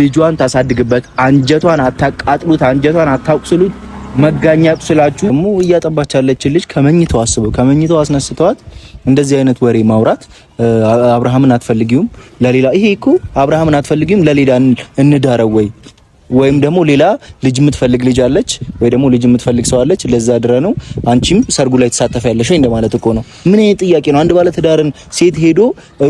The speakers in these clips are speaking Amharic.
ልጇን ታሳድግበት፣ አንጀቷን አታቃጥሉት፣ አንጀቷን አታቁስሉት። መጋኛ ቁስላችሁ ደግሞ እያጠባች ልጅ ከመኝተው አስበው፣ ከመኝተው አስነስተዋት እንደዚህ አይነት ወሬ ማውራት አብርሃምን አትፈልጊውም ለሌላ ይሄ እኮ አብርሃምን አትፈልጊውም ለሌላ እንዳረው ወይ ወይም ደግሞ ሌላ ልጅ የምትፈልግ ልጅ አለች፣ ወይ ደግሞ ልጅ የምትፈልግ ሰው አለች። ለዛ ድረ ነው አንቺም ሰርጉ ላይ ተሳተፈ ያለሽ ወይ እንደማለት እኮ ነው። ምን ይሄ ጥያቄ ነው? አንድ ባለ ትዳርን ሴት ሄዶ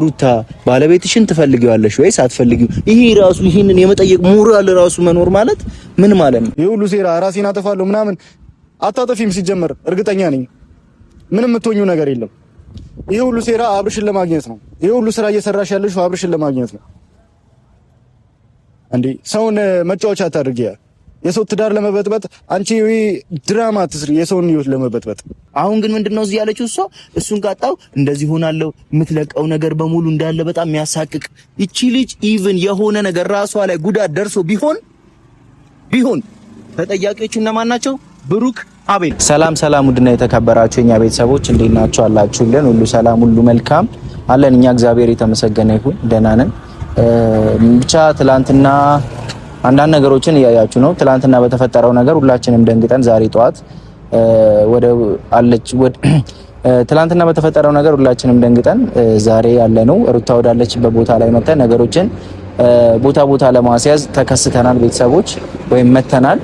ሩታ ባለቤትሽን ትፈልጊዋለሽ ወይስ አትፈልጊው? ይሄ ራሱ ይሄንን የመጠየቅ ሞራል ራሱ መኖር ማለት ምን ማለት ነው? የሁሉ ሴራ ራሴን አጠፋለሁ ምናምን አታጠፊም። ሲጀመር እርግጠኛ ነኝ ምንም የምትሆኚው ነገር የለም። ይሄ ሁሉ ሴራ አብርሽን ለማግኘት ነው። ይሄ ሁሉ ስራ እየሰራሽ ያለሽው አብርሽን ለማግኘት ነው። እንዴ ሰውን መጫወቻ ታድርጊ። የሰው ትዳር ለመበጥበጥ አንቺ ድራማ ትስሪ፣ የሰውን ህይወት ለመበጥበጥ። አሁን ግን ምንድነው እዚህ ያለችው እሷ እሱን ቃጣው እንደዚህ ሆናለው የምትለቀው ነገር በሙሉ እንዳለ በጣም የሚያሳቅቅ። ይቺ ልጅ ኢቭን የሆነ ነገር ራሷ ላይ ጉዳት ደርሶ ቢሆን ቢሆን ተጠያቂዎቹ እነማን ናቸው? ብሩክ አቤል። ሰላም ሰላም፣ ውድና የተከበራችሁ የኛ ቤተሰቦች እንዴት ናችሁ? አላችሁልን? ሁሉ ሰላም፣ ሁሉ መልካም አለን። እኛ እግዚአብሔር የተመሰገነ ይሁን ደህና ነን። ብቻ ትላንትና አንዳንድ ነገሮችን እያያችሁ ነው። ትላንትና በተፈጠረው ነገር ሁላችንም ደንግጠን ዛሬ ጠዋት ወደ አለች ወደ ትላንትና በተፈጠረው ነገር ሁላችንም ደንግጠን ዛሬ ነው። ሩታ ወዳለችበት ቦታ ላይ መተን ነገሮችን ቦታ ቦታ ለማስያዝ ተከስተናል። ቤተሰቦች ወይም መተናል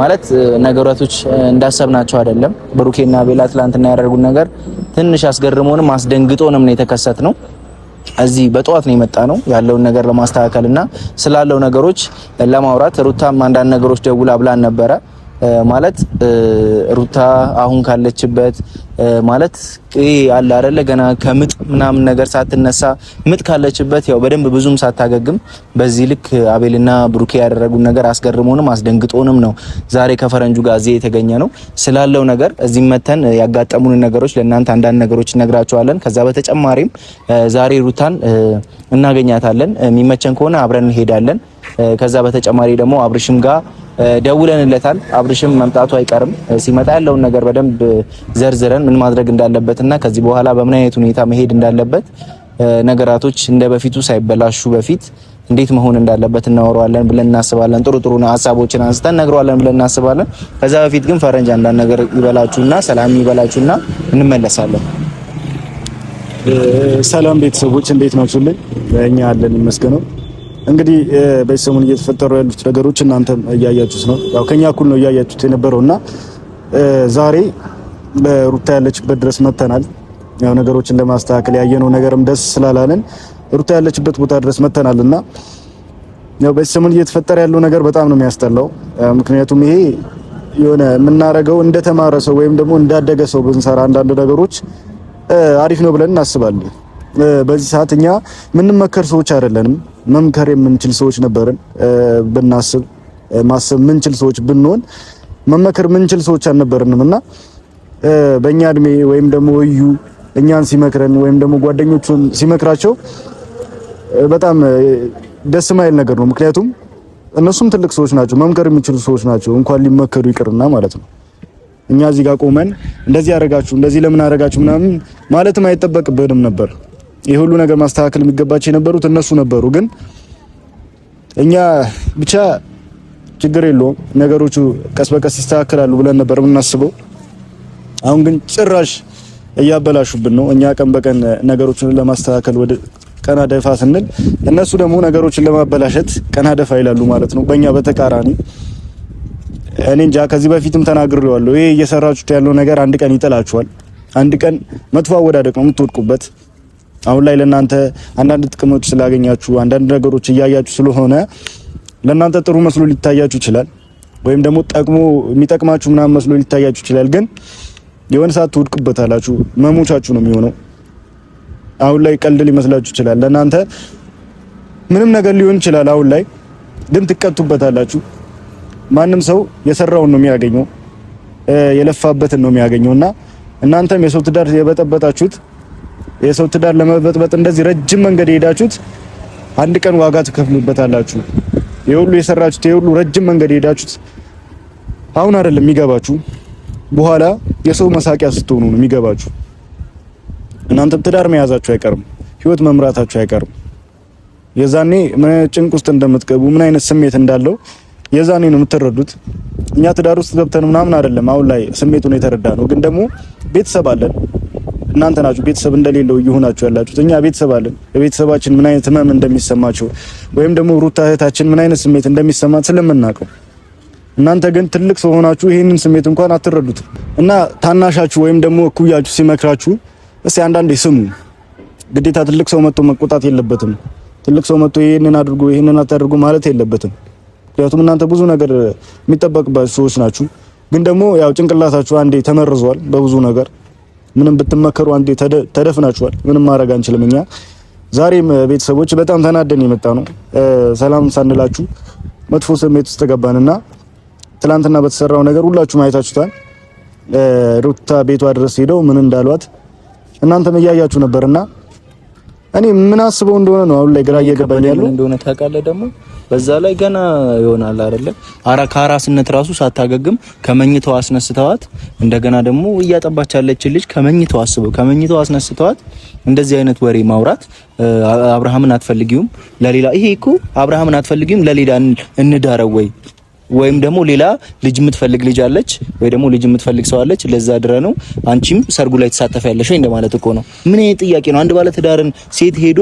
ማለት ነገራቶች እንዳሰብናቸው አይደለም። ብሩኬና ቤላ ትላንትና ያደረጉት ነገር ትንሽ አስገርሞንም አስደንግጦንም ነው የተከሰት ነው። እዚህ በጠዋት ነው የመጣ ነው ያለውን ነገር ለማስተካከል እና ስላለው ነገሮች ለማውራት ሩታም አንዳንድ ነገሮች ደውላ ብላን ነበረ ማለት ሩታ አሁን ካለችበት ማለት ይሄ አለ አይደለ ገና ከምጥ ምናምን ነገር ሳትነሳ ምጥ ካለችበት ያው በደንብ ብዙም ሳታገግም በዚህ ልክ አቤልና ብሩኬ ያደረጉ ነገር አስገርሞንም አስደንግጦንም ነው ዛሬ ከፈረንጁ ጋር እዚህ የተገኘ ነው። ስላለው ነገር እዚህ መተን ያጋጠሙን ነገሮች ለእናንተ አንዳንድ ነገሮች እነግራቸዋለን። ከዛ በተጨማሪም ዛሬ ሩታን እናገኛታለን። የሚመቸን ከሆነ አብረን እንሄዳለን። ከዛ በተጨማሪ ደግሞ አብርሽም ጋር ደውለንለታል። አብርሽም መምጣቱ አይቀርም። ሲመጣ ያለውን ነገር በደንብ ዘርዝረን ምን ማድረግ እንዳለበትና ከዚህ በኋላ በምን አይነት ሁኔታ መሄድ እንዳለበት ነገራቶች እንደ በፊቱ ሳይበላሹ በፊት እንዴት መሆን እንዳለበት እናወራዋለን ብለን እናስባለን። ጥሩ ጥሩ ሀሳቦችን አንስተን ነግረዋለን ብለን እናስባለን። ከዛ በፊት ግን ፈረንጅ አንዳንድ ነገር ይበላችሁና ሰላም ይበላችሁና እንመለሳለን። ሰላም ቤተሰቦች እንዴት ናችሁልኝ? እኛ አለን ይመስገነው። እንግዲህ በሰሙን እየተፈጠሩ ያሉት ነገሮች እናንተም እያያችሁት ነው። ያው ከኛ እኩል ነው እያያችሁት የነበረውና ዛሬ ሩታ ያለችበት ድረስ መተናል። ያው ነገሮችን ለማስተካከል ያየነው ነገርም ደስ ስላላለን ሩታ ያለችበት ቦታ ድረስ መተናል እና ያው በሰሙን እየተፈጠረ ያለው ነገር በጣም ነው የሚያስጠላው። ምክንያቱም ይሄ የሆነ የምናረገው እንደተማረ ሰው ወይም ደግሞ እንዳደገ ሰው ብንሰራ አንዳንድ ነገሮች አሪፍ ነው ብለን እናስባለን። በዚህ ሰዓት እኛ ምንመከር ሰዎች አይደለንም። መምከር የምንችል ሰዎች ነበርን። ብናስብ ማሰብ የምንችል ሰዎች ብንሆን መመከር የምንችል ሰዎች አልነበርንም እና በእኛ እድሜ ወይም ደግሞ እዩ እኛን ሲመክረን ወይም ደግሞ ጓደኞቹን ሲመክራቸው በጣም ደስ ማይል ነገር ነው። ምክንያቱም እነሱም ትልቅ ሰዎች ናቸው፣ መምከር የሚችሉ ሰዎች ናቸው። እንኳን ሊመከሩ ይቅርና ማለት ነው። እኛ እዚህ ጋር ቆመን እንደዚህ አረጋችሁ፣ እንደዚህ ለምን አደረጋችሁ ምናምን ማለትም አይጠበቅብንም ነበር። የሁሉ ሁሉ ነገር ማስተካከል የሚገባቸው የነበሩት እነሱ ነበሩ። ግን እኛ ብቻ ችግር የለውም ነገሮቹ ቀስ በቀስ ይስተካከላሉ ብለን ነበር የምናስበው። አሁን ግን ጭራሽ እያበላሹብን ነው። እኛ ቀን በቀን ነገሮችን ለማስተካከል ወደ ቀና ደፋ ስንል እነሱ ደግሞ ነገሮችን ለማበላሸት ቀና ደፋ ይላሉ ማለት ነው። በእኛ በተቃራኒ እኔ እንጃ ከዚህ በፊትም ተናግሬዋለሁ። ይሄ እየሰራችሁት ያለው ነገር አንድ ቀን ይጥላችኋል። አንድ ቀን መጥፎ አወዳደቅ ነው የምትወድቁበት። አሁን ላይ ለእናንተ አንዳንድ ጥቅሞች ስላገኛችሁ አንዳንድ ነገሮች እያያችሁ ስለሆነ ለእናንተ ጥሩ መስሎ ሊታያችሁ ይችላል፣ ወይም ደግሞ ጠቅሞ የሚጠቅማችሁ ምናምን መስሎ ሊታያችሁ ይችላል። ግን የሆነ ሰዓት ትውድቅበታላችሁ፣ መሞቻችሁ ነው የሚሆነው። አሁን ላይ ቀልድ ሊመስላችሁ ይችላል፣ ለእናንተ ምንም ነገር ሊሆን ይችላል። አሁን ላይ ግን ትቀጡበታላችሁ። ማንም ሰው የሰራውን ነው የሚያገኘው፣ የለፋበትን ነው የሚያገኘው እና እናንተም የሰው ትዳር የበጠበጣችሁት የሰው ትዳር ለመበጥበጥ እንደዚህ ረጅም መንገድ የሄዳችሁት አንድ ቀን ዋጋ ትከፍሉበታላችሁ። የሁሉ የሰራችሁት የሁሉ ረጅም መንገድ የሄዳችሁት አሁን አይደለም የሚገባችሁ፣ በኋላ የሰው መሳቂያ ስትሆኑ ነው የሚገባችሁ። እናንተም ትዳር መያዛችሁ አይቀርም፣ ህይወት መምራታችሁ አይቀርም። የዛኔ ምን ጭንቅ ውስጥ እንደምትገቡ ምን አይነት ስሜት እንዳለው የዛኔ ነው የምትረዱት። እኛ ትዳር ውስጥ ገብተን ምናምን አይደለም አሁን ላይ ስሜቱን የተረዳ ነው። ግን ደግሞ ቤተሰብ አለን እናንተ ናችሁ ቤተሰብ እንደሌለው እየሆናችሁ ያላችሁት። እኛ ቤተሰብ አለን። ቤተሰባችን ምን አይነት ህመም እንደሚሰማቸው ወይም ደግሞ ሩታ እህታችን ምን አይነት ስሜት እንደሚሰማት ስለምናውቀው እናንተ ግን ትልቅ ሰው ሆናችሁ ይህንን ስሜት እንኳን አትረዱትም። እና ታናሻችሁ ወይም ደግሞ እኩያችሁ ሲመክራችሁ እስቲ አንዳንዴ ስሙ። ግዴታ ትልቅ ሰው መጥቶ መቆጣት የለበትም። ትልቅ ሰው መጥቶ ይህንን አድርጉ፣ ይህንን አታድርጉ ማለት የለበትም። ምክንያቱም እናንተ ብዙ ነገር የሚጠበቅባችሁ ሰዎች ናችሁ። ግን ደግሞ ያው ጭንቅላታችሁ አንዴ ተመርዟል በብዙ ነገር ምንም ብትመከሩ አንዴ ተደፍናችኋል። ምንም ማድረግ አንችልም እኛ። ዛሬም ቤተሰቦች በጣም ተናደን የመጣ ነው። ሰላም ሳንላችሁ መጥፎ ስሜት ውስጥ ተገባንና ትላንትና በተሰራው ነገር ሁላችሁ ማየታችሁታል። ሩታ ቤቷ ድረስ ሄደው ምን እንዳሏት እናንተም እያያችሁ ነበርና እኔ ምን አስበው እንደሆነ ነው አሁን ላይ ግራ እየገባኝ ያለው እንደሆነ ታውቃለህ። ደግሞ በዛ ላይ ገና ይሆናል አይደለ? አራ ከአራስነት ራሱ ሳታገግም ከመኝተው አስነስተዋት፣ እንደገና ደግሞ እያጠባች ያለች ልጅ ከመኝተው አስበው ከመኝተው አስነስተዋት። እንደዚህ አይነት ወሬ ማውራት አብርሃምን አትፈልጊውም ለሌላ ይሄ እኮ አብርሃምን አትፈልጊውም ለሌላ እንዳረው ወይ ወይም ደግሞ ሌላ ልጅ የምትፈልግ ልጅ አለች ወይ ደግሞ ልጅ የምትፈልግ ሰው አለች። ለዛ ድረ ነው አንቺም ሰርጉ ላይ ተሳተፈ ያለሽ ወይ እንደማለት እኮ ነው። ምን ይሄ ጥያቄ ነው? አንድ ባለ ትዳርን ሴት ሄዶ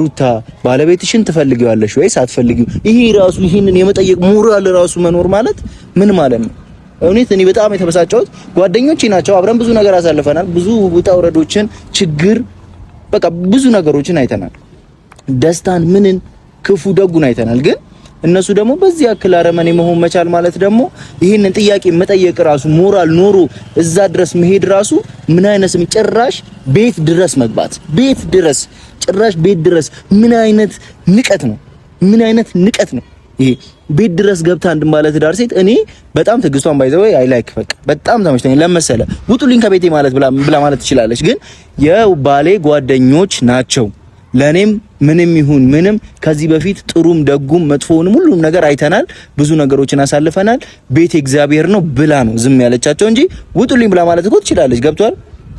ሩታ ባለቤትሽን ትፈልጊዋለሽ ወይ አትፈልጊው ይሄ ራሱ ይሄንን የመጠየቅ ሞራል ራሱ መኖር ማለት ምን ማለት ነው? እውነት እኔ በጣም የተበሳጨሁት ጓደኞቼ ናቸው። አብረን ብዙ ነገር አሳልፈናል። ብዙ ውጣ ውረዶችን፣ ችግር፣ በቃ ብዙ ነገሮችን አይተናል። ደስታን፣ ምንን፣ ክፉ ደጉን አይተናል ግን እነሱ ደግሞ በዚህ ያክል አረመኔ መሆን መቻል ማለት ደግሞ ይህንን ጥያቄ መጠየቅ ራሱ ሞራል ኖሮ እዛ ድረስ መሄድ ራሱ ምን አይነት ጭራሽ ቤት ድረስ መግባት ቤት ድረስ ጭራሽ ቤት ድረስ ምን አይነት ንቀት ነው? ምን አይነት ንቀት ነው ይሄ? ቤት ድረስ ገብታ አንድ ማለት ዳር ሴት እኔ በጣም ትግስቷን ባይዘው አይ ላይክ በቃ በጣም ተመችቶኝ ለመሰለ ውጡልኝ ከቤቴ ማለት ብላ ማለት ትችላለች። ግን የባሌ ጓደኞች ናቸው ለእኔም ምንም ይሁን ምንም ከዚህ በፊት ጥሩም ደጉም መጥፎውንም ሁሉም ነገር አይተናል። ብዙ ነገሮችን አሳልፈናል። ቤት እግዚአብሔር ነው ብላ ነው ዝም ያለቻቸው እንጂ ውጡልኝ ብላ ማለት እኮ ትችላለች። ገብቷል።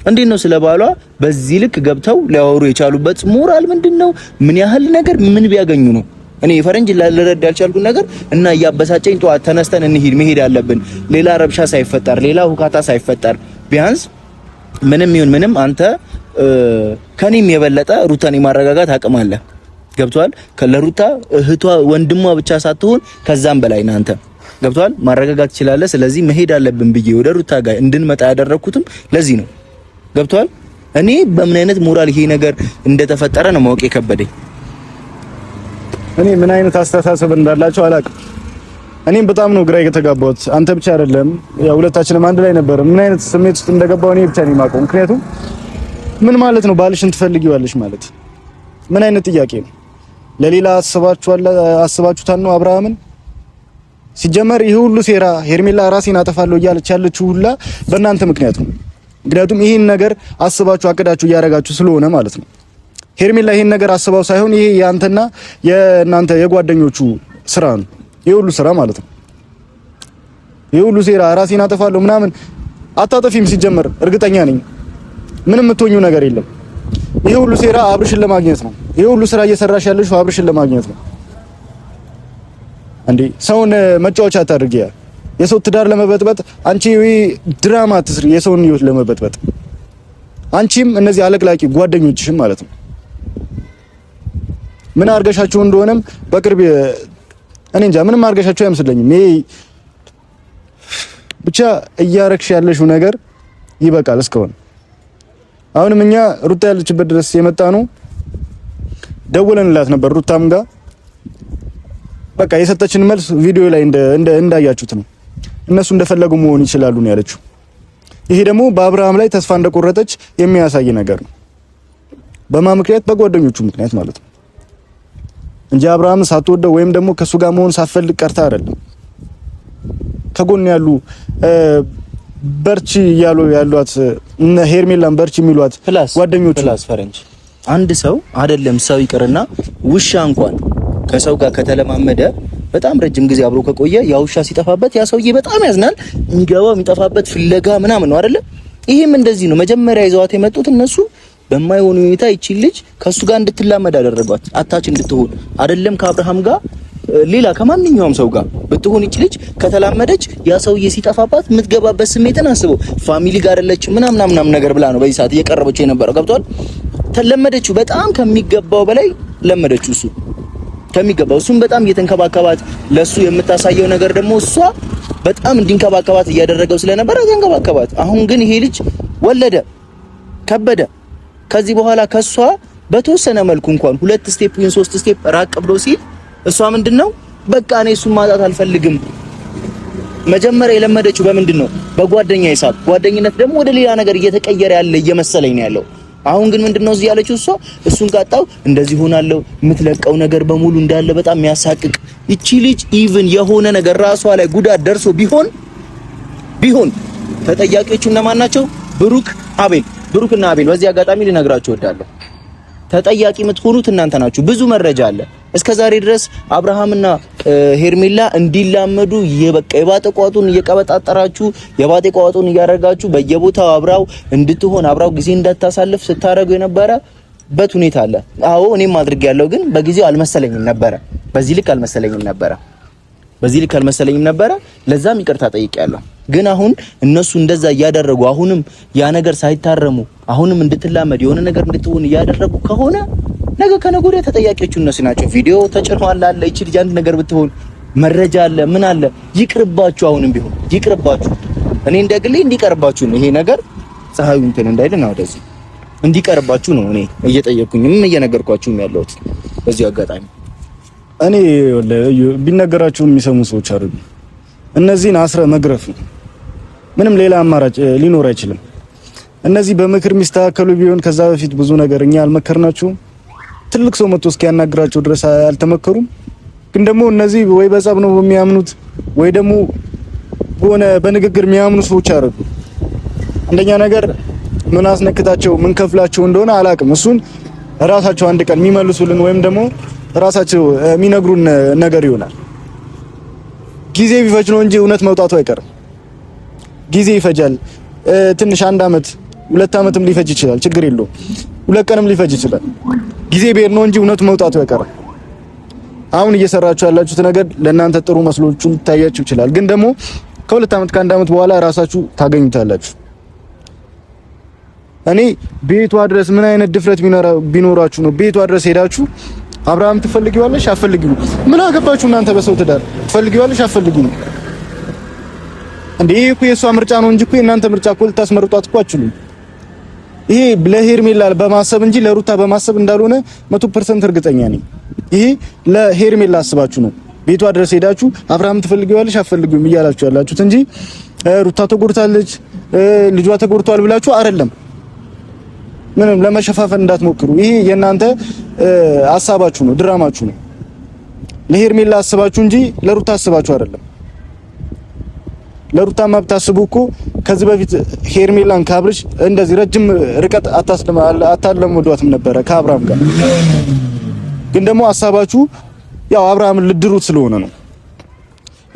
እንዴት ነው ስለ ባሏ በዚህ ልክ ገብተው ሊያወሩ የቻሉበት ሞራል ምንድን ነው? ምን ያህል ነገር ምን ቢያገኙ ነው? እኔ ፈረንጅ ልረዳ ያልቻልኩት ነገር እና እያበሳጨኝ፣ ጠዋት ተነስተን እንሂድ መሄድ አለብን፣ ሌላ ረብሻ ሳይፈጠር፣ ሌላ ሁካታ ሳይፈጠር ቢያንስ ምንም ይሁን ምንም አንተ ከኔም የበለጠ ሩታን የማረጋጋት አቅም አለ። ገብቷል። ለሩታ እህቷ ወንድሟ ብቻ ሳትሆን ከዛም በላይ ናንተ ገብቷል። ማረጋጋት ትችላለህ። ስለዚህ መሄድ አለብን ብዬ ወደ ሩታ ጋር እንድንመጣ ያደረኩትም ለዚህ ነው። ገብቷል። እኔ በምን አይነት ሞራል ይሄ ነገር እንደተፈጠረ ነው ማወቅ የከበደኝ። እኔ ምን አይነት አስተሳሰብ እንዳላቸው አላውቅም። እኔም በጣም ነው ግራ የተጋባሁት። አንተ ብቻ አይደለም፣ ያው ሁለታችንም አንድ ላይ ነበር። ምን አይነት ስሜት ውስጥ እንደገባው እኔ ብቻ ነው የማውቀው ምክንያቱም ምን ማለት ነው? ባልሽን ትፈልጊዋለሽ ማለት ምን አይነት ጥያቄ ነው? ለሌላ አስባችሁታል ነው አብርሃምን? ሲጀመር ይህ ሁሉ ሴራ ሄርሜላ ራሴን አጠፋለሁ እያለች ያለችው ሁላ በእናንተ ምክንያት ነው። ምክንያቱም ይህን ነገር አስባችሁ አቅዳችሁ እያደረጋችሁ ስለሆነ ማለት ነው። ሄርሜላ ይህን ነገር አስባው ሳይሆን ይሄ የአንተና የእናንተ የጓደኞቹ ስራ ነው። ይህ ሁሉ ስራ ማለት ነው። ይህ ሁሉ ሴራ ራሴን አጠፋለሁ ምናምን አታጠፊም ሲጀመር፣ እርግጠኛ ነኝ። ምንም የምትሆኙ ነገር የለም። ይሄ ሁሉ ሴራ አብርሽን ለማግኘት ነው። ይሄ ሁሉ ስራ እየሰራሽ ያለሽ አብርሽን ለማግኘት ነው። እንዴ ሰውን መጫወቻ አታድርጊ። የሰው ትዳር ለመበጥበጥ አንቺ ድራማ ትስሪ፣ የሰውን ህይወት ለመበጥበጥ አንቺም እነዚህ አለቅላቂ ጓደኞችሽም ማለት ነው። ምን አርገሻቸው እንደሆነም በቅርብ እኔ እንጃ፣ ምንም አርገሻቸው አይመስለኝም። ይሄ ብቻ እያረግሽ ያለሽው ነገር ይበቃል እስከሆነ አሁንም እኛ ሩታ ያለችበት ድረስ የመጣ ነው። ደውለንላት ነበር ሩታም ጋር በቃ የሰጠችን መልስ ቪዲዮ ላይ እንዳያችሁት ነው። እነሱ እንደፈለጉ መሆን ይችላሉ ነው ያለችው። ይሄ ደግሞ በአብርሃም ላይ ተስፋ እንደቆረጠች የሚያሳይ ነገር ነው። በማ ምክንያት በጓደኞቹ ምክንያት ማለት ነው እንጂ አብርሃም ሳትወደው ወይም ደግሞ ከሱ ጋር መሆን ሳትፈልግ ቀርታ አይደለም ከጎን ያሉ በርቺ እያሉ ያሏት እነ ሄርሜላን በርቺ የሚሏት ጓደኞቹ ፕላስ ፈረንጅ አንድ ሰው አይደለም ሰው ይቅርና ውሻ እንኳን ከሰው ጋር ከተለማመደ በጣም ረጅም ጊዜ አብሮ ከቆየ ያ ውሻ ሲጠፋበት ያ ሰውዬ በጣም ያዝናል። የሚገባው የሚጠፋበት ፍለጋ ምናምን ነው አይደለ? ይህም እንደዚህ ነው። መጀመሪያ ይዘዋት የመጡት እነሱ በማይሆን ሁኔታ ይቺ ልጅ ከእሱ ጋር እንድትላመድ አደረጓት፣ አታች እንድትሆን አይደለም ከአብርሃም ጋር ሌላ ከማንኛውም ሰው ጋር ብትሆን እች ልጅ ከተላመደች ያ ሰውዬ ሲጠፋባት የምትገባበት ስሜትን አስበው። ፋሚሊ ጋር አለች ምናምን ምናምን ነገር ብላ ነው በዚህ ሰዓት እየቀረበች የነበረው። ገብቷል። ተለመደችው በጣም ከሚገባው በላይ ለመደችው። እሱ ከሚገባው እሱም በጣም እየተንከባከባት ለሱ የምታሳየው ነገር ደግሞ እሷ በጣም እንዲንከባከባት እያደረገው ስለነበረ ተንከባከባት። አሁን ግን ይሄ ልጅ ወለደ ከበደ። ከዚህ በኋላ ከሷ በተወሰነ መልኩ እንኳን ሁለት ስቴፕ ወይም ሶስት ስቴፕ ራቅ ብሎ ሲል እሷ ምንድን ነው በቃ እኔ እሱን ማጣት አልፈልግም። መጀመሪያ የለመደችው በምንድን ነው በጓደኛ ሂሳብ። ጓደኝነት ደግሞ ወደ ሌላ ነገር እየተቀየረ ያለ እየመሰለኝ ነው ያለው። አሁን ግን ምንድን ነው እዚህ ያለችው እሷ እሱን ካጣው እንደዚህ ሆናለው የምትለቀው ነገር በሙሉ እንዳለ በጣም የሚያሳቅቅ ይቺ ልጅ ኢቭን የሆነ ነገር ራሷ ላይ ጉዳት ደርሶ ቢሆን ቢሆን ተጠያቂዎቹ እነማን ናቸው? ብሩክ አቤል፣ ብሩክና አቤል። በዚህ አጋጣሚ ልነግራችሁ እወዳለሁ፣ ተጠያቂ የምትሆኑት እናንተ ናችሁ። ብዙ መረጃ አለ። እስከ ዛሬ ድረስ አብርሃምና ሄርሜላ እንዲላመዱ የበቃ የባጤ ቋጡን እየቀበጣጠራችሁ የባጤ ቋጡን በየቦታው አብራው እንድትሆን አብራው ጊዜ እንዳታሳልፍ ስታረጉ የነበረበት ሁኔታ አለ። አዎ እኔም አድርግ ያለው ግን በጊዜው አልመሰለኝም ነበረ። በዚህ ልክ አልመሰለኝም ነበረ። በዚህ ልክ አልመሰለኝም ነበረ። ለዛም ይቅርታ ጠይቄያለሁ። ግን አሁን እነሱ እንደዛ እያደረጉ አሁንም ያ ነገር ሳይታረሙ አሁንም እንድትላመድ የሆነ ነገር እንድትሆን እያደረጉ ከሆነ ነገ ከነገ ወዲያ ተጠያቂዎቹ እነሱ ናቸው። ቪዲዮ ተጭኗል አለ እቺ ልጅ አንድ ነገር ብትሆን መረጃ አለ ምን አለ። ይቅርባችሁ፣ አሁንም ቢሆን ይቅርባችሁ። እኔ እንደግሌ እንዲቀርባችሁ ነው ይሄ ነገር ፀሐዩ እንትን እንዳይል ነው ወደዚህ እንዲቀርባችሁ ነው እኔ እየጠየቅኩኝም እየነገርኳችሁም ያለሁት በዚህ አጋጣሚ እኔ ቢነገራችሁ የሚሰሙ ሰዎች አይደሉም። እነዚህን አስረ መግረፍ ምንም ሌላ አማራጭ ሊኖር አይችልም። እነዚህ በምክር የሚስተካከሉ ቢሆን ከዛ በፊት ብዙ ነገር እኛ አልመከርናችሁም። ትልቅ ሰው መጥቶ እስኪያናግራቸው ድረስ አልተመከሩም። ግን ደግሞ እነዚህ ወይ በጸብ ነው የሚያምኑት ወይ ደግሞ በሆነ በንግግር የሚያምኑ ሰዎች አረዱ። አንደኛ ነገር ምን አስነክታቸው ምን ከፍላቸው እንደሆነ አላቅም። እሱን ራሳቸው አንድ ቀን የሚመልሱልን ወይም ደግሞ ራሳቸው የሚነግሩን ነገር ይሆናል። ጊዜ ቢፈጅ ነው እንጂ እውነት መውጣቱ አይቀርም። ጊዜ ይፈጃል። ትንሽ አንድ አመት ሁለት አመትም ሊፈጅ ይችላል። ችግር የለውም። ሁለት ቀንም ሊፈጅ ይችላል። ጊዜ ብሄድ ነው እንጂ እውነቱ መውጣቱ ያቀረ። አሁን እየሰራችሁ ያላችሁት ነገር ለእናንተ ጥሩ መስሎችሁ ታያችሁ ይችላል፣ ግን ደግሞ ከሁለት ዓመት ከአንድ ዓመት በኋላ ራሳችሁ ታገኙታላችሁ። እኔ ቤቷ ድረስ ምን አይነት ድፍረት ቢኖራችሁ ነው ቤቷ ድረስ ሄዳችሁ አብርሃም ትፈልጊዋለሽ አፈልጊው? ምን አገባችሁ እናንተ በሰው ትዳር ትፈልጊዋለሽ አፈልጊው? እንዴ ይሄ እኮ የእሷ ምርጫ ነው እንጂ እኮ የእናንተ ምርጫ እኮ ልታስመርጧት እኮ አትችሉም። ይሄ ለሄርሜላ በማሰብ እንጂ ለሩታ በማሰብ እንዳልሆነ መቶ ፐርሰንት እርግጠኛ ነኝ። ይሄ ለሄርሜላ አስባችሁ ነው ቤቷ ድረስ ሄዳችሁ አብርሃም ትፈልጊዋለሽ አትፈልጊውም እያላችሁ ያላችሁት እንጂ ሩታ ተጎድታለች፣ ልጇ ተጎድቷል ብላችሁ አይደለም። ምንም ለመሸፋፈን እንዳትሞክሩ። ይሄ የእናንተ ሀሳባችሁ ነው፣ ድራማችሁ ነው። ለሄርሜላ አስባችሁ እንጂ ለሩታ አስባችሁ አይደለም። ለሩታማ ብታስቡ እኮ ከዚህ በፊት ሄርሜላን ካብርሽ እንደዚህ ረጅም ርቀት አታለምዷትም ነበረ ከአብርሃም ጋር። ግን ደግሞ ሀሳባችሁ ያው አብርሃምን ልድሩት ስለሆነ ነው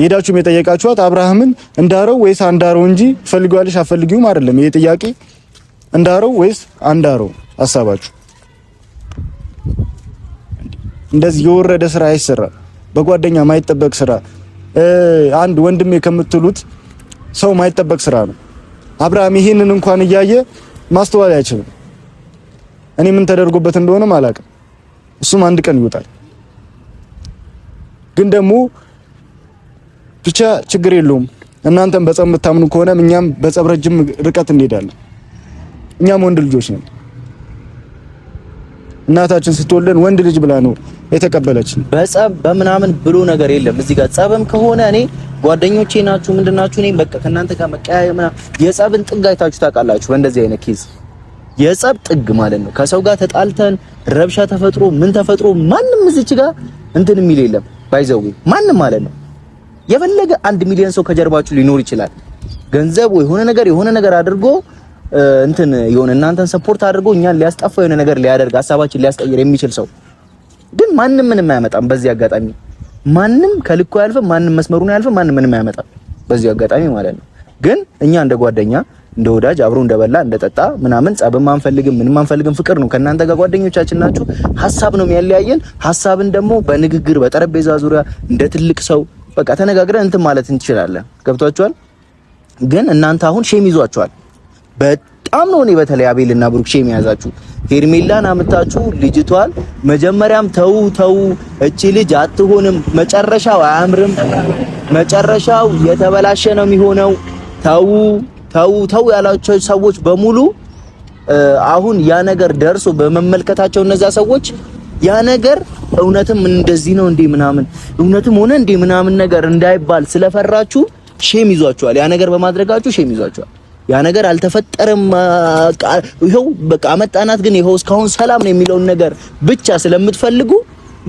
ሄዳችሁም የጠየቃችኋት አብርሃምን እንዳረው ወይስ አንዳረው እንጂ ፈልጓልሽ አፈልጊውም አይደለም። ይሄ ጥያቄ እንዳረው ወይስ አንዳረው ሀሳባችሁ። እንደዚህ የወረደ ስራ አይሰራ፣ በጓደኛ ማይጠበቅ ስራ አንድ ወንድሜ ከምትሉት ሰው ማይጠበቅ ስራ ነው። አብርሃም ይሄንን እንኳን እያየ ማስተዋል አይችልም። እኔ ምን ተደርጎበት እንደሆነም አላውቅም። እሱም አንድ ቀን ይወጣል። ግን ደግሞ ብቻ ችግር የለውም። እናንተም በጸብ የምታምኑ ከሆነ እኛም በጸብ ረጅም ርቀት እንሄዳለን። እኛም ወንድ ልጆች ነን። እናታችን ስትወልደን ወንድ ልጅ ብላ ነው የተቀበለች በጸብ በምናምን ብሎ ነገር የለም። እዚህ ጋር ጸብም ከሆነ እኔ ጓደኞቼ ናችሁ ምንድናችሁ፣ እኔ በቃ ከእናንተ ጋር መቀያየ ምናምን የጸብን ጥግ አይታችሁ ታውቃላችሁ። በእንደዚህ አይነት ኬዝ የጸብ ጥግ ማለት ነው። ከሰው ጋር ተጣልተን ረብሻ ተፈጥሮ ምን ተፈጥሮ ማንም እዚች ጋር እንትን የሚል የለም። ባይዘው ማንም ማለት ነው። የፈለገ አንድ ሚሊዮን ሰው ከጀርባችሁ ሊኖር ይችላል። ገንዘብ ወይ የሆነ ነገር የሆነ ነገር አድርጎ እንትን የሆነ እናንተን ሰፖርት አድርጎ እኛን ሊያስጠፋ የሆነ ነገር ሊያደርግ ሀሳባችን ሊያስቀይር የሚችል ሰው ግን ማንም ምንም አያመጣም። በዚህ አጋጣሚ ማንም ከልኩ ያልፈ፣ ማንም መስመሩን ያልፈ፣ ማንም ምንም አያመጣም በዚህ አጋጣሚ ማለት ነው። ግን እኛ እንደ ጓደኛ እንደ ወዳጅ አብሮ እንደበላ እንደጠጣ ምናምን ጸብም አንፈልግም፣ ምንም አንፈልግም። ፍቅር ነው። ከእናንተ ጋር ጓደኞቻችን ናችሁ። ሀሳብ ነው የሚያለያየን። ሀሳብን ደግሞ በንግግር በጠረጴዛ ዙሪያ እንደ ትልቅ ሰው በቃ ተነጋግረን እንትን ማለት እንችላለን። ገብቷችኋል? ግን እናንተ አሁን ሼም ይዟችኋል። በጣም ነው እኔ በተለይ አቤልና እና ብሩክሼ የሚያዛችሁ ሄርሜላን አምታችሁ ልጅቷን መጀመሪያም ተው ተው፣ እቺ ልጅ አትሆንም፣ መጨረሻው አያምርም፣ መጨረሻው የተበላሸ ነው የሚሆነው፣ ተው ተው ተው ያላቸው ሰዎች በሙሉ አሁን ያ ነገር ደርሶ በመመልከታቸው እነዛ ሰዎች ያ ነገር እውነትም እንደዚህ ነው እንዴ ምናምን እውነትም ሆነ እንዴ ምናምን ነገር እንዳይባል ስለፈራችሁ ሼም ይዟችኋል። ያ ነገር በማድረጋችሁ ሼም ይዟችኋል። ያ ነገር አልተፈጠረም። ይኸው በቃ አመጣናት፣ ግን ይኸው እስካሁን ሰላም ነው የሚለውን ነገር ብቻ ስለምትፈልጉ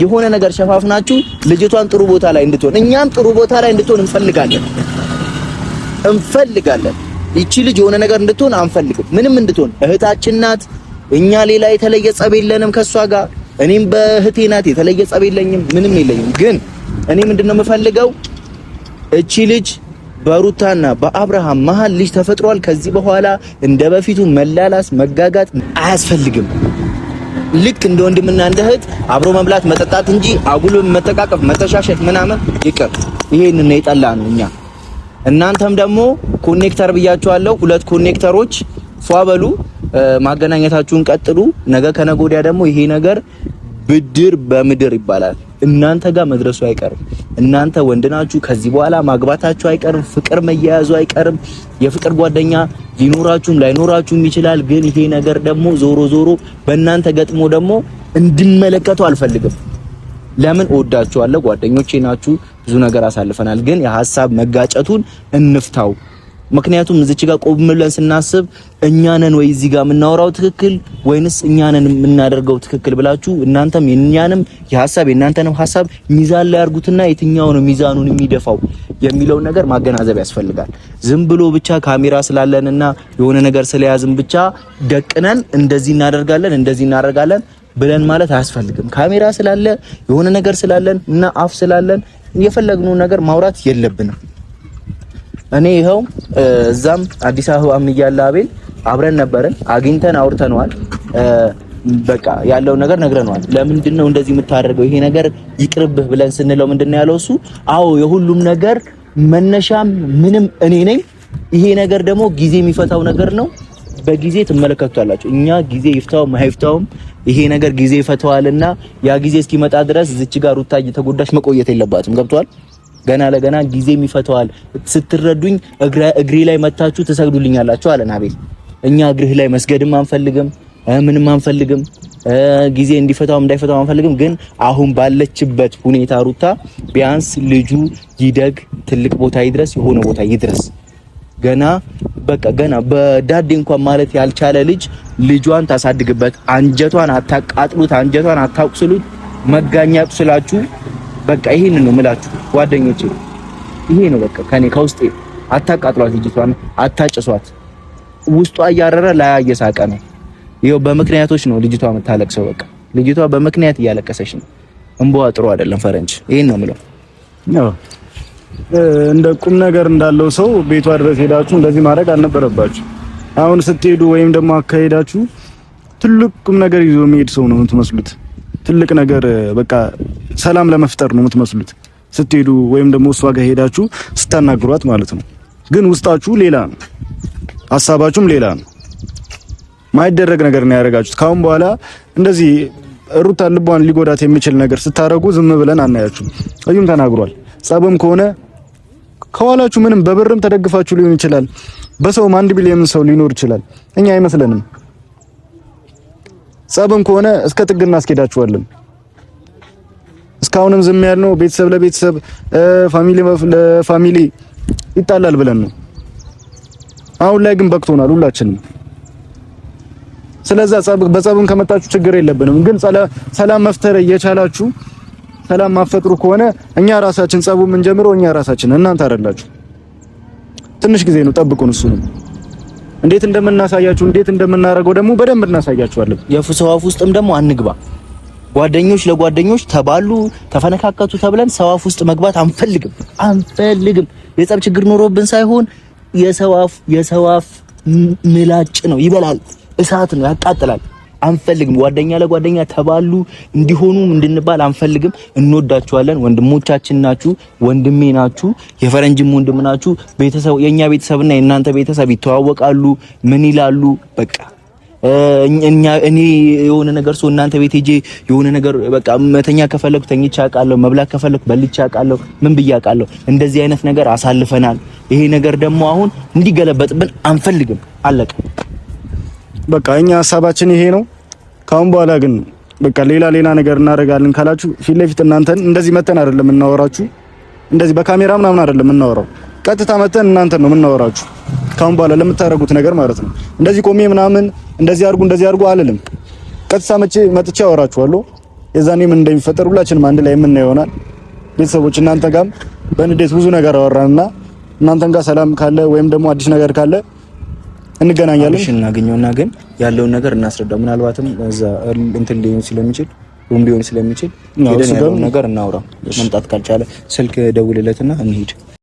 የሆነ ነገር ሸፋፍናችሁ ልጅቷን ጥሩ ቦታ ላይ እንድትሆን እኛም ጥሩ ቦታ ላይ እንድትሆን እንፈልጋለን እንፈልጋለን። ይቺ ልጅ የሆነ ነገር እንድትሆን አንፈልግም፣ ምንም እንድትሆን እህታችን ናት። እኛ ሌላ የተለየ ጸብ የለንም ከሷ ጋር። እኔም በእህቴ ናት የተለየ ጸብ የለኝም፣ ምንም የለኝም። ግን እኔ ምንድነው የምፈልገው እቺ ልጅ በሩታና በአብርሃም መሀል ልጅ ተፈጥሯል። ከዚህ በኋላ እንደ በፊቱ መላላስ፣ መጋጋጥ አያስፈልግም። ልክ እንደ ወንድምና እንደ እህት አብሮ መብላት፣ መጠጣት እንጂ አጉል መጠቃቀፍ፣ መተሻሸት ምናምን ይቅር። ይሄን ነው የጠላ ነው እኛ። እናንተም ደግሞ ኮኔክተር ብያችኋለሁ። ሁለት ኮኔክተሮች ፏ በሉ፣ ማገናኘታችሁን ቀጥሉ። ነገ ከነገ ወዲያ ደግሞ ይሄ ነገር ብድር በምድር ይባላል። እናንተ ጋር መድረሱ አይቀርም። እናንተ ወንድ ናችሁ። ከዚህ በኋላ ማግባታችሁ አይቀርም። ፍቅር መያያዙ አይቀርም። የፍቅር ጓደኛ ሊኖራችሁም ላይኖራችሁም ይችላል። ግን ይሄ ነገር ደግሞ ዞሮ ዞሮ በእናንተ ገጥሞ ደግሞ እንድመለከቱ አልፈልግም። ለምን እወዳችኋለሁ፣ ጓደኞቼ ናችሁ፣ ብዙ ነገር አሳልፈናል። ግን የሀሳብ መጋጨቱን እንፍታው። ምክንያቱም እዚች ጋር ቆም ብለን ስናስብ እኛ ነን ወይ እዚህ ጋር የምናወራው ትክክል ወይንስ እኛ ነን የምናደርገው ትክክል ብላችሁ እናንተም የኛንም የሐሳብ የእናንተንም ሐሳብ ሚዛን ላይ አርጉትና የትኛው ነው ሚዛኑን የሚደፋው የሚለውን ነገር ማገናዘብ ያስፈልጋል። ዝም ብሎ ብቻ ካሜራ ስላለንና የሆነ ነገር ስለያዝን ብቻ ደቅነን እንደዚህ እናደርጋለን እንደዚህ እናደርጋለን ብለን ማለት አያስፈልግም። ካሜራ ስላለ የሆነ ነገር ስላለን እና አፍ ስላለን የፈለግነውን ነገር ማውራት የለብንም። እኔ ይኸው እዛም አዲስ አበባም እያለ አቤል አብረን ነበርን፣ አግኝተን አውርተነዋል። በቃ ያለውን ነገር ነግረነዋል። ለምንድን ነው እንደዚህ የምታደርገው ይሄ ነገር ይቅርብህ ብለን ስንለው ምንድን ነው ያለው እሱ አዎ የሁሉም ነገር መነሻም ምንም እኔ ነኝ። ይሄ ነገር ደግሞ ጊዜ የሚፈታው ነገር ነው። በጊዜ ትመለከቷላችሁ እኛ ጊዜ ይፍታውም አይፍታውም ይሄ ነገር ጊዜ ይፈታዋልና ያ ጊዜ እስኪመጣ ድረስ እዚች ጋር ሩታ እየተጎዳች መቆየት የለባትም። ገብቷል። ገና ለገና ጊዜም ይፈተዋል። ስትረዱኝ እግሬ ላይ መታችሁ ትሰግዱልኛላችሁ አለን አቤል። እኛ እግርህ ላይ መስገድም አንፈልግም፣ ምንም አንፈልግም። ጊዜ እንዲፈታው እንዳይፈታው አንፈልግም። ግን አሁን ባለችበት ሁኔታ ሩታ ቢያንስ ልጁ ይደግ፣ ትልቅ ቦታ ይድረስ፣ የሆነ ቦታ ይድረስ። ገና በቃ ገና በዳዴ እንኳን ማለት ያልቻለ ልጅ ልጇን ታሳድግበት። አንጀቷን አታቃጥሉት፣ አንጀቷን አታቁስሉት። መጋኛ ቁስላችሁ በቃ ይሄን ነው ምላችሁ ጓደኞች፣ ይሄ ነው በቃ ከኔ ከውስጤ። አታቃጥሏት፣ ልጅቷን አታጭሷት። ውስጧ እያረረ ላያ እየሳቀ ነው። ይኸው በምክንያቶች ነው ልጅቷ የምታለቅሰው። በቃ ልጅቷ በምክንያት እያለቀሰች ነው። እንቧ ጥሩ አይደለም ፈረንጅ። ይሄን ነው ምለው እንደ ቁም ነገር እንዳለው ሰው ቤቷ ድረስ ሄዳችሁ እንደዚህ ማድረግ አልነበረባችሁ። አሁን ስትሄዱ ወይም ደግሞ አካሄዳችሁ ትልቅ ቁም ነገር ይዞ የሚሄድ ሰው ነው የምትመስሉት። ትልቅ ነገር በቃ ሰላም ለመፍጠር ነው የምትመስሉት ስትሄዱ ወይም ደግሞ እሷ ጋር ሄዳችሁ ስታናግሯት ማለት ነው። ግን ውስጣችሁ ሌላ ነው፣ ሀሳባችሁም ሌላ ነው። ማይደረግ ነገር ነው ያደረጋችሁት። ካሁን በኋላ እንደዚህ ሩታ ልቧን ሊጎዳት የሚችል ነገር ስታደርጉ ዝም ብለን አናያችሁ። እዩም ተናግሯል። ጸብም ከሆነ ከኋላችሁ ምንም በብርም ተደግፋችሁ ሊሆን ይችላል። በሰውም አንድ ቢሊየን ሰው ሊኖር ይችላል። እኛ አይመስለንም። ጸብም ከሆነ እስከ ጥግ እናስኬዳችኋለን። እስካሁንም ዝም ያልነው ቤተሰብ ለቤተሰብ ፋሚሊ ለፋሚሊ ይጣላል ብለን ነው። አሁን ላይ ግን በቅቶናል ሁላችንም። ስለዛ ጸብ በጸብም ከመጣችሁ ችግር የለብንም። ግን ሰላም መፍጠር እየቻላችሁ ሰላም ማፈጥሩ ከሆነ እኛ ራሳችን ጸቡ ጀምሮ እኛ ራሳችን እናንተ አይደላችሁ። ትንሽ ጊዜ ነው ጠብቁን። እሱንም እንዴት እንደምናሳያችሁ እንዴት እንደምናደርገው ደግሞ በደንብ እናሳያችኋለን። የሰዋፍ ውስጥም ደግሞ አንግባ። ጓደኞች ለጓደኞች ተባሉ፣ ተፈነካከቱ ተብለን ሰዋፍ ውስጥ መግባት አንፈልግም አንፈልግም። የጸብ ችግር ኖሮብን ሳይሆን የሰዋፍ የሰዋፍ ምላጭ ነው፣ ይበላል፣ እሳት ነው፣ ያቃጥላል። አንፈልግም። ጓደኛ ለጓደኛ ተባሉ እንዲሆኑ እንድንባል አንፈልግም። እንወዳችኋለን። ወንድሞቻችን ናችሁ፣ ወንድሜ ናችሁ፣ የፈረንጅም ወንድም ናችሁ። ቤተሰብ የኛ ቤተሰብና የእናንተ ቤተሰብ ይተዋወቃሉ። ምን ይላሉ? በቃ እኛ እኔ የሆነ ነገር ሰው እናንተ ቤት ሄጄ የሆነ ነገር በቃ መተኛ ከፈለኩ ተኝቼ አውቃለሁ። መብላት ከፈለኩ በልቼ አውቃለሁ። ምን ብዬ አውቃለሁ። እንደዚህ አይነት ነገር አሳልፈናል። ይሄ ነገር ደግሞ አሁን እንዲገለበጥብን አንፈልግም። አለቀ። በቃ እኛ ሀሳባችን ይሄ ነው። ካሁን በኋላ ግን በቃ ሌላ ሌላ ነገር እናደርጋለን ካላችሁ ፊት ለፊት እናንተን እንደዚህ መተን አይደለም እናወራችሁ፣ እንደዚህ በካሜራ ምናምን አይደለም እናወራው፣ ቀጥታ መተን እናንተን ነው የምናወራችሁ። ካሁን በኋላ ለምታደርጉት ነገር ማለት ነው። እንደዚህ ቆሜ ምናምን እንደዚህ አድርጉ እንደዚህ አድርጉ አልልም። ቀጥታ መቼ መጥቼ አወራችኋለሁ። የዛኔ ምን እንደሚፈጠር ሁላችንም አንድ ላይ የምናየው ይሆናል። ቤተሰቦች እናንተ ጋርም በንዴት ብዙ ነገር አወራንና እናንተን ጋር ሰላም ካለ ወይም ደግሞ አዲስ ነገር ካለ እንገናኛለን። እሺ፣ እናገኘውና ግን ያለውን ነገር እናስረዳው። ምናልባትም እዛ እንትን ሊሆን ስለሚችል ሩም ሊሆን ስለሚችል ነገር እናውራ። መምጣት ካልቻለ ስልክ ደውልለትና እንሂድ።